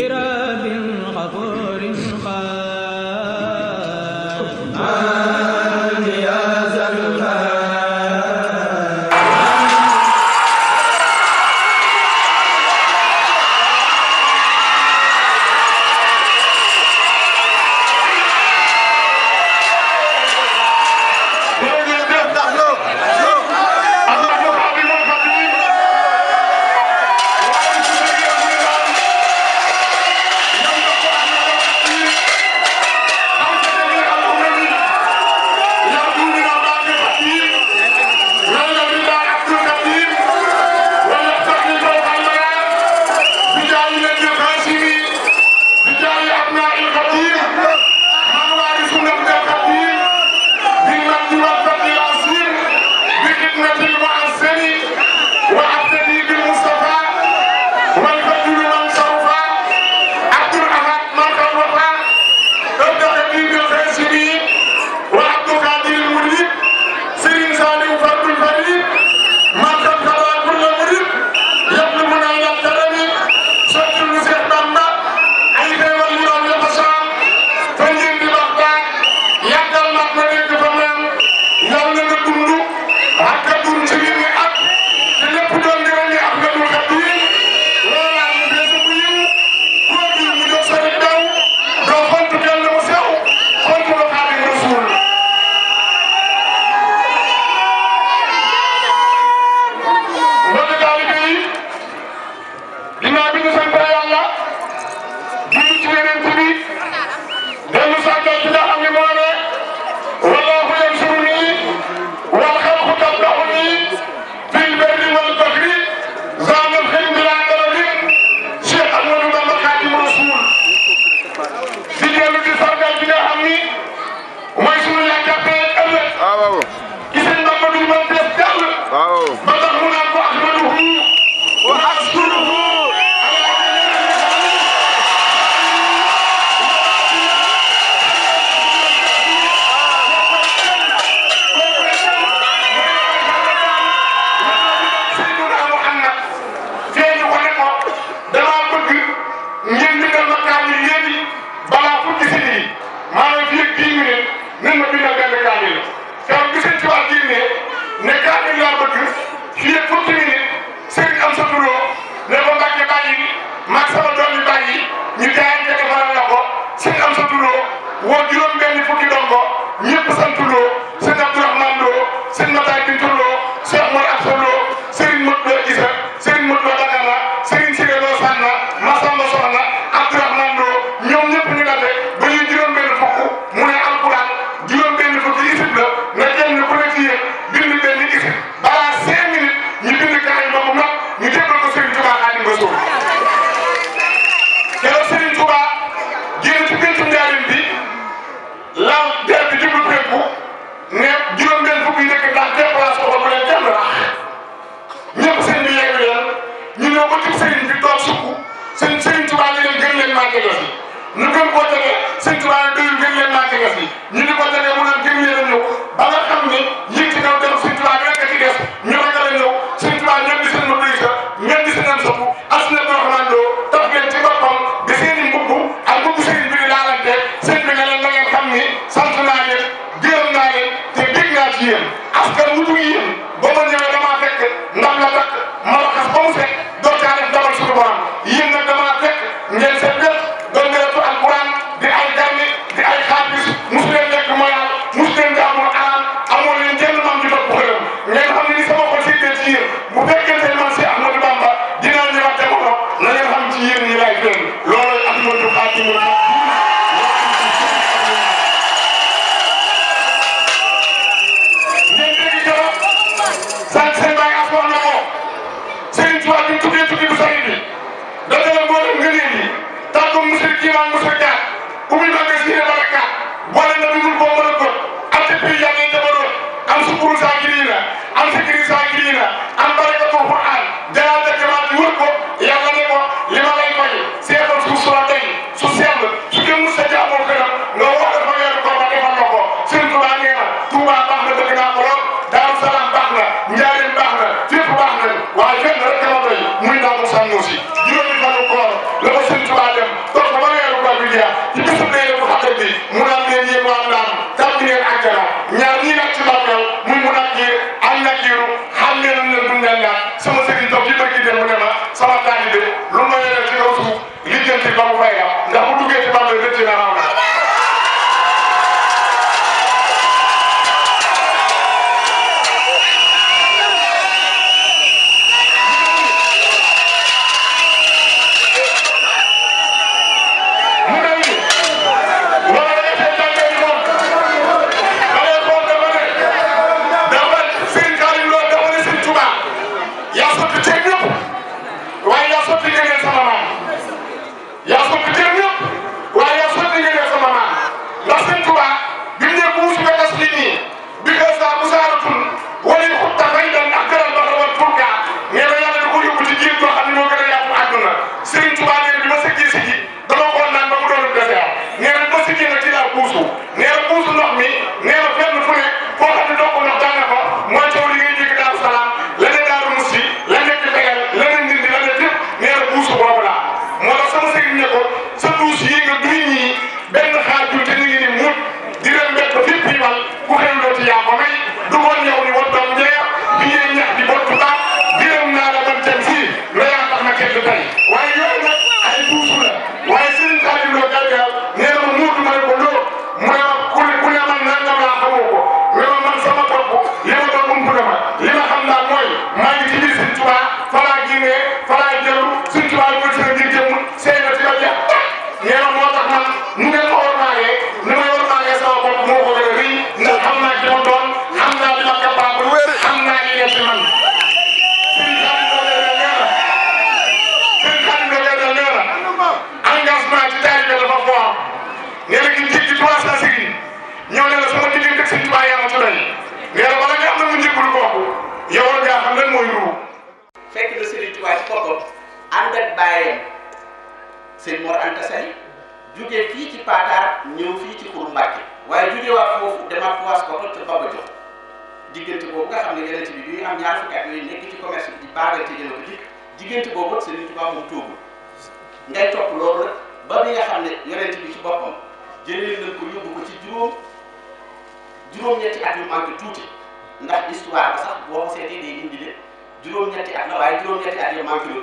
Get up. ñu gën koo jege bàyyam sëñ Mor Anta Sali jugee fi ci Paataar ñew fi ci Kourou Mbacke waaye wa fofu dem ak waas ko ci Baba Diop diggante bobu nga xamne yeneen bi bi am ñaar fukki at yooyu nekk ci commerce bi di baagante jëlee ko ci diggante boobu Sëriñ Tuubaa moom tuubul ngay top lolu la ba bi nga xamne ne ci bi ci bopam jëlee na ko yobbu ko ci juróom juróom-ñetti at yu manke tuuti ndax histoire ba sax bo ko seetee day indi le juróom-ñetti at la waye juróom-ñetti at yu manke la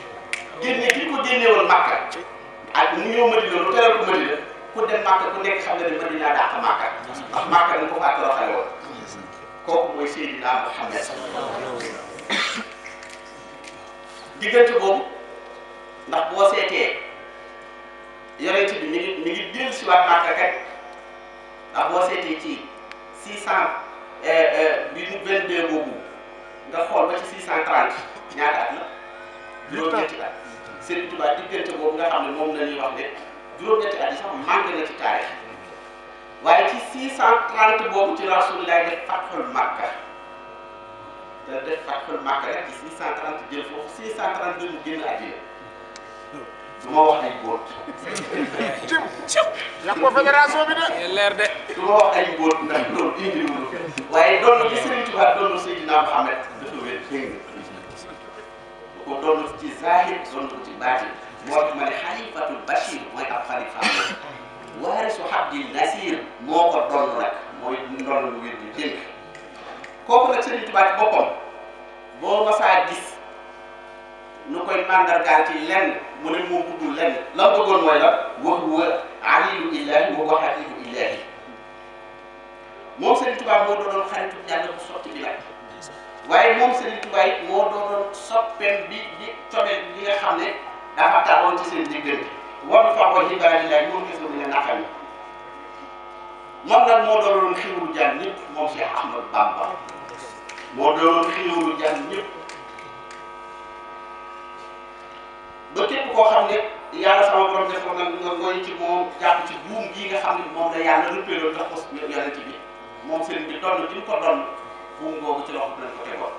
génne ki ko génne woon Makka ak mu ñëw Madina lu teral ko Madina ku dem Makka ku nekk xam nga ne Madina dàq Makka ndax Makka dañ ko faa toroxale woon kooku mooy Seydina Muhammad diggante boobu ndax boo seetee yonent bi mu ngi mi ngi dellu si waat Makka kat ndax boo seetee ci 600 euh, euh, bi mu 22 boobu la. Serigne a diggante boobu nga xam ne moom la ñuy wax ne juróom-ñetti at yi sax manqué na ci taarix waaye ci 630 boobu ci Rasulullah def fatxul Makka da def fatxul Makka rek ci 630 jël foofu 632 mu génn àddina du ma wax ay góor. yàq ko fédération bi de. leer de. du ma wax ay góor ndax loolu indi wu waaye doon na bi Serigne Touba doon na Seydina Mohamed ko doon ci zahir doon ko ci baati moo tax ma ne xalifatul bachir mooy ab xalifa waarisu xabdil nasir moo ko doon nag mooy ndoll lu wér di dénk kooku nag sëriñ Tuubaa ci boppam boo masaa gis nu koy màndargaal ci lenn mu ne moo guddul lenn la bëggoon mooy la wax wa alilu illahi wa wahabibu illahi moom sëriñ Tuubaa moo doonoon xaritu yàlla bu sotti bi nag waaye moom Serigne Touba it moo doonoon soppeem bi bi cobeel bi nga xam ne dafa taxoon ci seen diggante wan fa ko ibaadillahi moom kese bi nga naqal moo doonoon xiiru jaan ñëpp moo doonoon koo xam ne yàlla sama borom defoon na nga ngoy ci moom jàpp ci buum gii nga xam ne moom la yàlla rëppéeroon jox ko yonent bi moom Serigne bi doon na di ko doon. buum googu ci loxo bi lañ ko tegoon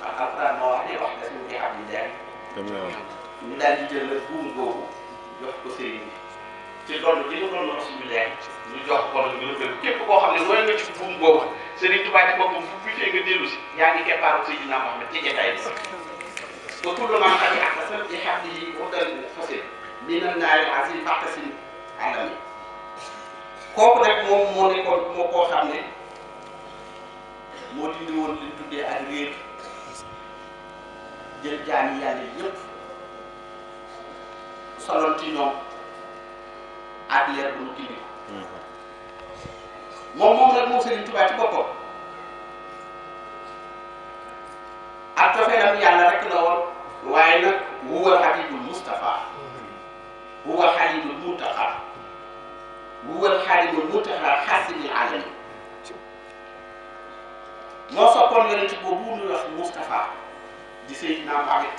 ndax alxuraan moo wax ne wax des nañ fi xam ni jaay. ñu daal di jël buum googu jox ko sëriñ bi ci loolu li ñu doon wax suñu leer ñu jox ko lu gën a bëri képp koo xam ne loolu nga ci buum googu sëriñ Tuubaa ci boppam fu fu fee nga dellu si yaa ngi keppaaru Seydina Muhammad ci jotaay bi ba pour le moment xam ne ak asal ci xam ne yi waxtaan bi fase li na naari asin baxta sin àndami kooku rek moom moo nekkoon moo koo xam ne moo dindi woon li tuddee ak réer jël jaani yàlla yépp soloon ci ñoom ak bu ñu gindi mm-hmm. moom moo nag moom Serigne Touba ci boppam ak cofeelam yàlla rek la woon waaye nag huwa xalidul Mustafa mm-hmm. huwa xalidul Muntaxa huwa xalidul Muntaxa xaasimil alami moo soppoon yonent boobu ñuy wax Moustapha di Seydina Muhammad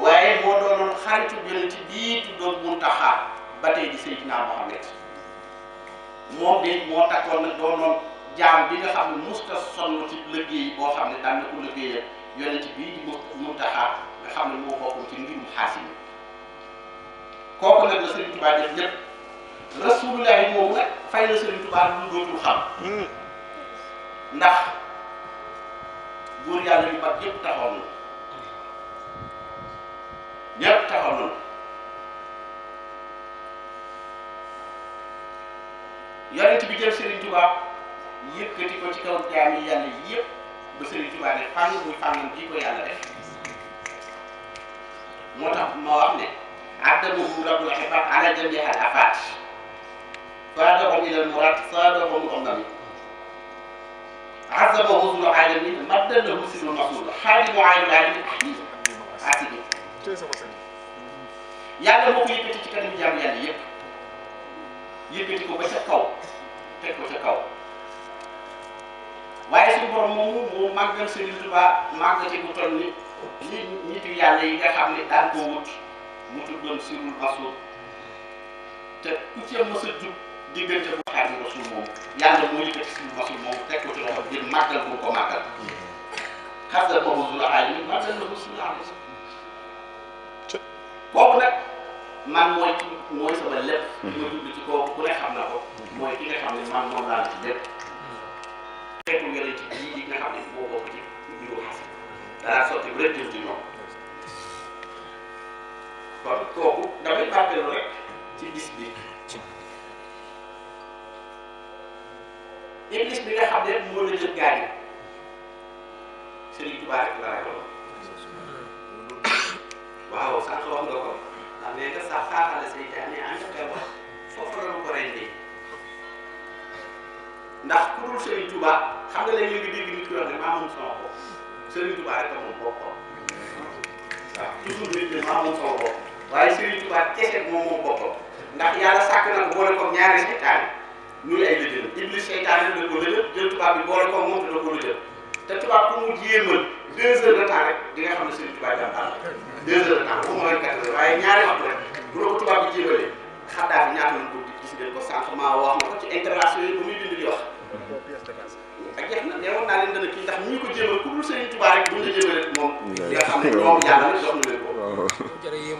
waaye moo doonoon xaritu yonent bii tuddoon Muntaxa ba tey di Seydina Muhammad moom de moo takkoon nag doonoon jaam bi nga xam ne musta boo xam ne daan na ko liggéeyal yonent nga xam ne moo bokkoon ci mbirum xaasim kooku nag la Serigne Touba def ñëpp rasulullahi moomu fay na Serigne Touba lu dootul xam hmm. ndax. buur yàlla yu mag yëpp taxaw na ñëpp taxaw na yonent bi jël Serigne Touba yëkkati ko ci kaw jaami yàlla yëpp ba Serigne Touba ne fàng muy fàngam bii ko yàlla def moo tax ma wax ne addamuhu rabbul xifaat ala jamiihal afaat faadaxum ilal muraad saadaxum omami عذبه ابن العالمين مدا له سر مقصود خادم عالم العالمين حكيم عاتبه yàlla moo ko yëkkati ci kanam jaam yàlla yëpp yëkkati ko ba ca kaw ko ca kaw waaye suñu borom moomu moo màggal Sëriñ Tuubaa màggati bu toll ni nit nitu yàlla yi nga xam ne daan koo wut mu tuddoon sirul basuur te ku ca mës a jub diggante bu Xaadimu Rasuul moom yàlla moo yëkkati suñu Rasuul moom teg ko ci loxo ngir màggal bu ko màggal xas la boobu suñu aay yi màggal ko suñu aay boobu nag man mooy mooy sama lépp mm-hmm. li ma dugg ci ku ne xam na ko mooy ki nga xam ne man moom laa ci lépp xeetu yore ci ji yi nga xam ne boo bokk ci biiru xas danaa sotti bu rek jëm ci ñoom kon kooku dafay fàttelu rek ci bis bi iblis bi nga xam ne rek moo la jël gaal yi rek la ragaloon waaw sànq wax nga ko ndax nee nga sax xaaxal seytaane ànd ah, ak wax foofu la ko rendee ndax ku dul Sëriñ Tuubaa xam nga léegi nga dégg nit ku wax ne maa moom sama bopp Sëriñ rek a moom boppam waaw toujours nit ñi maa moom sama bopp waaye Sëriñ Tuubaa kese moom moom boppam ndax yàlla sàkk na ko boole ko ñaari seytaane ñun ay lëjë la iblis seytaane dina ko lëjë jël tubaab bi boole ko moom dina ko lëjë te tubaab ku mu jéemal deux heures de temps rek di nga xam ne sëriñ tubaab jàmbaar la deux heures de temps pour mu quatre heures waaye ñaari waxtu rek bu ko tubaab bi jéemalee xadaa bi ñaata nañ ko gis ngeen ko sànq maa wax na ko ci intervention yi ba muy bind di wax ak ah, jeex na ne woon naa leen dana kii ndax ñi ko jéemal ku dul sëriñ tubaab rek buñ la jéemalee moom di nga xam ne ñoom yàlla jox na leen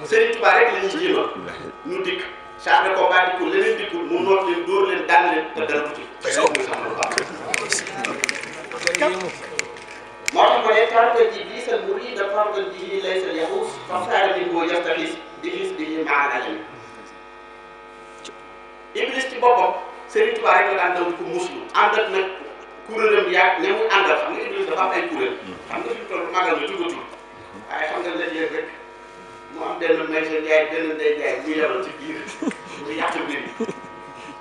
ko sëriñ tubaab rek la ñuy jéemal ñu dikk char de combat dikkul leneen dikkul mu noot leen dóor daan leen te dara tuuti. loolu mooy sax lu baax. moo mu ne faral ji bii sa mbir yi dafa faral ji lii moo jëm di gis di ñu maanaam. Iblis ci boppam Serigne Touba rek la daan daw ko muslu ànd ak nag kuréelam yaag ne muy àndal xam nga Iblis dafa mm. xam nga fi mu toll magal la tuuti xam nga la rek. mu am benn maître Ndiaye benn Ndeye Ndiaye ñu yabal ci mu yàq mbir yi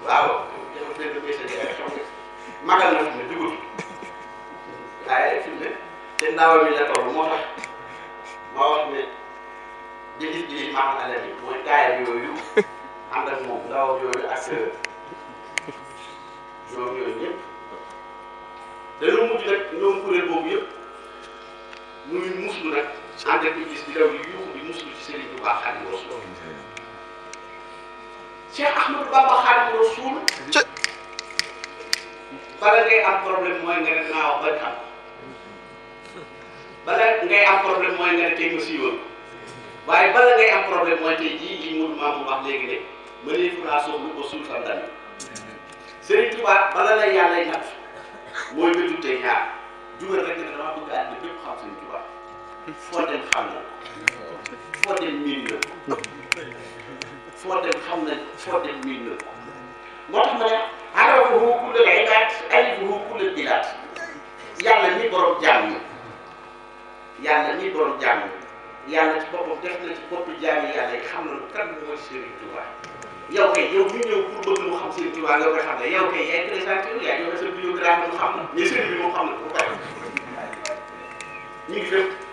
waaw yabal benn maître Ndiaye xam nga magal na fi ne dugub waaye fi mu ne te ndaw mi la toll moo tax moo wax ne jëli jëli maam alal yi mooy gaayam yooyu ànd ak moom ndaw yooyu ak ñoom yooyu ñëpp dañoo mujj nag ñoom kuréel boobu yëpp ànd ak iblis di daw di di muslu ci Serigne Touba Xaadimu Rasuul Cheikh Ahmadou Bamba Xaadimu Rasuul bala ngay am problème mooy nga ne dinaa wax bañ bala ngay am problème mooy nga ne tey ma siiwal bala ngay am problème mooy tey jii li mu maamu wax léegi de mënee fu laa ko Serigne Touba bala la ñaar rek xam Serigne Touba foo dem xam na foo dem miin na ko foo dem xam na foo dem miin na ko moo tax ma ne arafahu kullul ibaad alifahu kullul bilaad yàlla ni borom jaam yi yàlla ni borom jaam yi yàlla ci boppam def na ci boppu jaam yi yàlla yi xam na lu kan mooy Serigne Touba yow kay yow mi ñëw pour bëgg mu xam Serigne Touba nga koy xam ne yow kay yaay présenté wu yaay yow sa biographie mu xam na mais Serigne bi moom xam na ko pare ñu ngi fépp.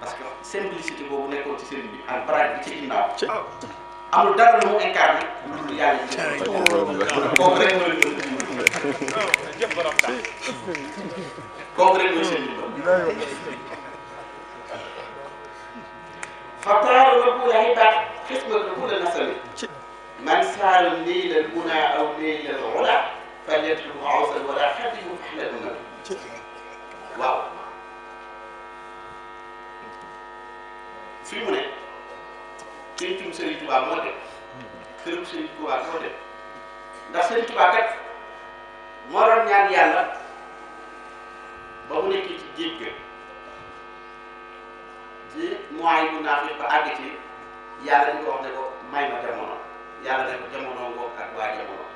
parce que boobu nekkoon ci sëriñ bi ah. mu incarné lu dul yàlla ji. kooku rek mooy kooku rek mooy sëriñ bi. Fatal rabbu yaay baax xisbatu aw niilal ulaa falyatlubu awsal wala xaddi yu fii mu ne pencum Serigne Touba moo dem kërum Serigne Touba moo dem ndax Serigne Touba kat moo doon ñaan yàlla ba mu nekkee ci géej ga ci mooy bu naa fi ba àgg ci yàlla ñu ko wax ne ko may ma jamono yàlla ne ko jamono ngoog ak waa jamono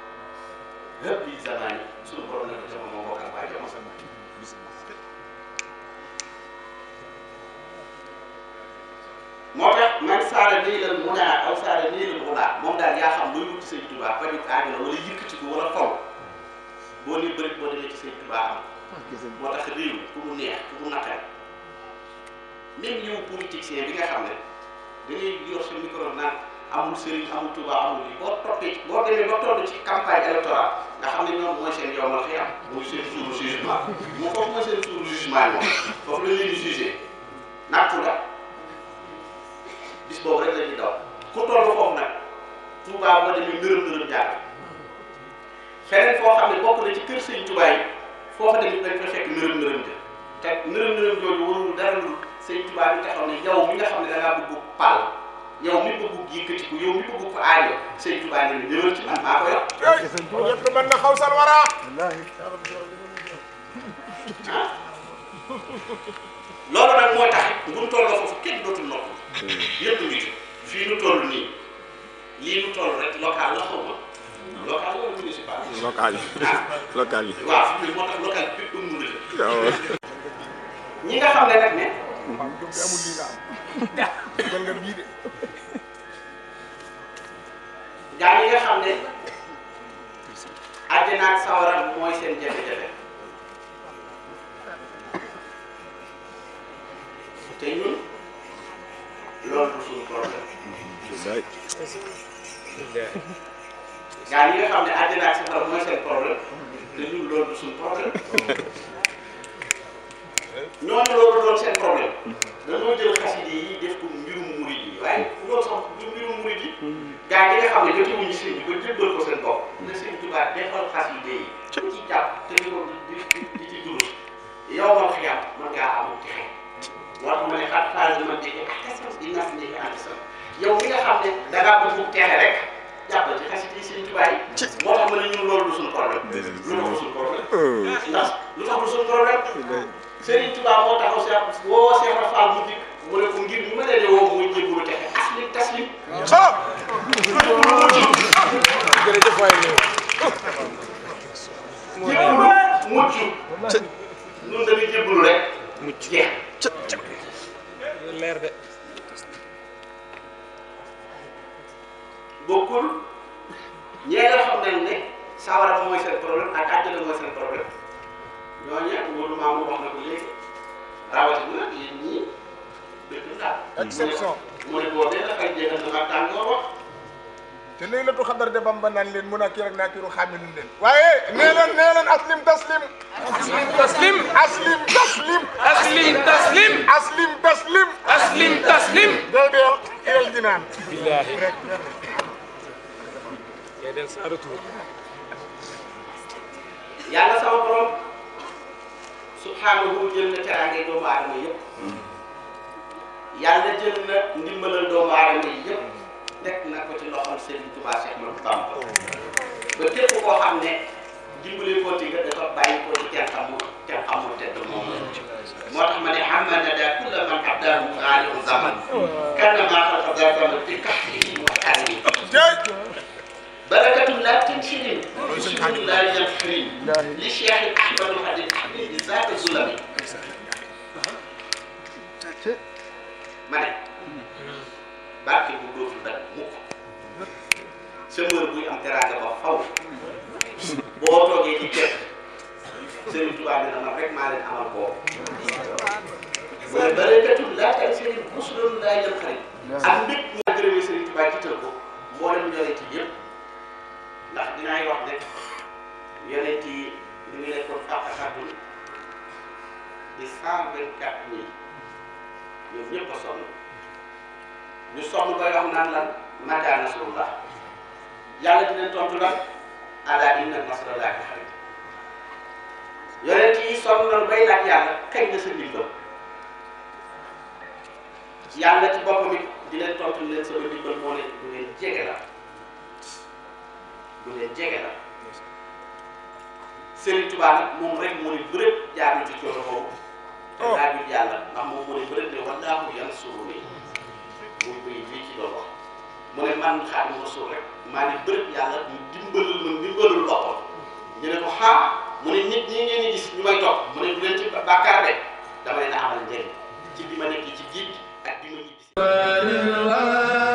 lépp bi zaman yi suñu borom moo tax man saara nii la mu naa aw saara nii la moom daal yaa xam luy wut ci sëñ Tuubaa faju aajo la wala yëkkati ko wala boo ne bëri boo demee ci sëñ Tuubaa am moo tax réew ku mu neex ku mu naqari même yow politicien bi nga xam ne dañuy yor sa micro naan amul sëriñ amul Tuubaa amul lii boo toppee boo demee ba toll ci campagne électorale nga xam ne ñoom mooy seen yombal xëy la bis boobu rek la ñuy daw ku toll foofu nag Touba boo demee ngërëm ngërëm jaar feneen foo xam ne bokk na ci kër Sëriñ Touba yi foofa tamit dañ fa fekk ngërëm ngërëm te te ngërëm ngërëm jooju warul dara lu Sëriñ Touba bi taxaw ne yow mi nga xam ne da ngaa bëgg pal yow mi bëgg yëkkatiku yow mi bëgg ko aajo Sëriñ Touba ne ñëwal ci man maa ko yor. yëpp mën na xaw sal wara ah. loolu nag moo tax it bu mu tolloo hmm. fii nu toll nii lii nu toll rek local la xaw ma local yi local yi ah. ah nga xam ne nag ne gaa yi nga xam ne àddina ak sawara mooy seen jafe-jafe te ñun loolu du suñu problème. gaa yi nga xam ne àddina ak safara mooy seen problème te ñun loolu du suñu problème. ñooñu loolu doon seen problème dañoo jël xasida yi def ko mbirum murid yi waaye loolu sax du mbirum murid yi. gaa yi nga xam ne jotiwuñu sëñ bi ba jébbal ko seen bopp. ne sëñ Tuubaa yi. ku ci jàpp te ñu ko di di di ci dund yow man xiyam mën ngaa amul texe. waxuma ne xaar xaaral di mën di def xas-xas di ñàkk njëkk ànd sa yow mi nga xam ne da ngaa bëgg mu texe rek jàppal ci xas yi suñu tubaab yi. moo tax ma ne ñun loolu du suñu problème. lu taxul suñu problème. Oh. ndax lu taxul suñu problème. Serigne Touba moo taxaw si woo Cheikh Rafal mu dikk mu ne ko ngir ñu mën a ne woo muy jébbalu texe oh. ba naan leen munakkir ak nakiru xàmmeenu leen waaye nee leen nee leen aslim taslim aslim taslim aslim taslim aslim taslim aslim taslim aslim taslim day deel ilal jinaan billahi rek day deel sans retour yàlla sama borom subhaanahu jël na teraange doomu aadama yëpp yàlla jël na ndimbalal doomu aadama yi yëpp teg na ko ci loxol Serigne Touba a Ahmadou Bamba ba képp koo xam ne dimbali ko ci nga ko ci kenn xamul kenn xamul tedd moom la moo tax ma ne xam na ne daal kulla man abdahu xaaliqu zaman kan maa xalaqa zaman bi kahrihi wa karmihi barakatu laa tansilim li Cheikh Ahmadou Khadim sonnal bay laaj yàlla kañ nga sa ndigal yàlla ci boppam it di leen tontu leen sama ndigal moo ne du leen jege la du leen jege la Sëriñ Tuubaa nag moom rek moo ne bërëb jaarlu ci coono boobu oh. te laajul yàlla ndax moom moo ne bërëb ne wallaahu yansuruni muy bëy bii ci doon wax mu ne man Xaadimu Rasuul rek maa ne bërëb yàlla mu dimbalul ma dimbalul boppam ñu ne ko xaar mu ne nit ñi ngeen di gis ñu may topp mu ne du leen ci bàkkaar de dama leen a amal njëriñ ci bi ma nekk ci jiit ak bi ma ñibbisi